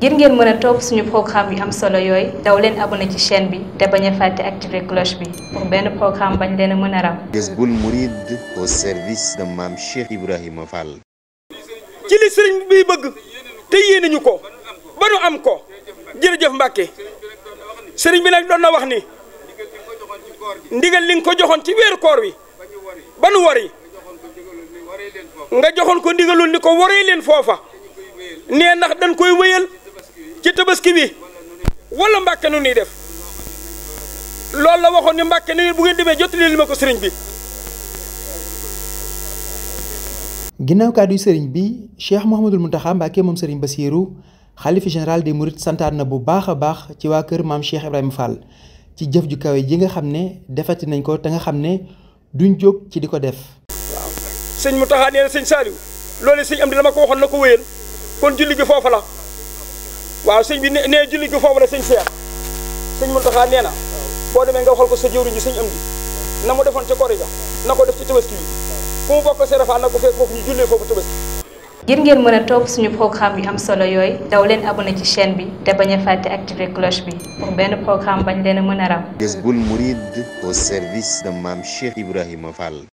ngir ngeen mën a suñu programme yu am solo yooyu daw leen abonné ci chaîne bi te bañ a fàtte activer cloche bi pour benn leen mën a ram Jazboul Mouride au service de Mame Cheikh Ibrahima Fall ci li sëriñ bi bëgg te yéene ñu ko ba nu am ko jërëjëf Mbàkke sëriñ bi nag doon na wax ni ndigal li nga ko joxoon ci weeru koor wi ba nu wari nga joxoon ko ndigalul ni ko waree leen foofa nee ndax dañ koy wéyal ci tabaski bi wala mbàkke nu ñuy def loolu la waxoon ni mbàkke ni bu ngeen demee jottali li ma ko sëriñ bi. ginnaaw kàddu sëriñ bi Cheikh Mouhamadul Mountakha Mbacké moom sëriñ Bassirou xalifa général des Mourides na bu baax a baax ci waa kër maam Cheikh Ibrahima Fall ci jëf ju kawe ji nga xam ne defati nañ ko te nga xam ne duñ jóg ci di ko def. waaw sëñ Mountakha nee na sëñ Saliou loolu sëñ am di dama ko waxoon na ko wéyal kon julli gi foofu la. waaw sëñ bi nee julli gi foofu la sëñ Cheikh sëñ Mountakha nee na boo demee nga waxal ko sa jëwriñu am di na defoon ca kori ga na def ci tabaski bi fu mu bokk Serapha na ko fekk foofu ñu foofu tabaski. ngir ngeen mën a toog suñu programme yu am solo yooy daw leen abonné ci chaîne bi te bañ a fàtte activer cloche bi benn programme bañ leen a mën a ram Jazboul Mouride au service de Mame Cheikh Ibrahima Fall.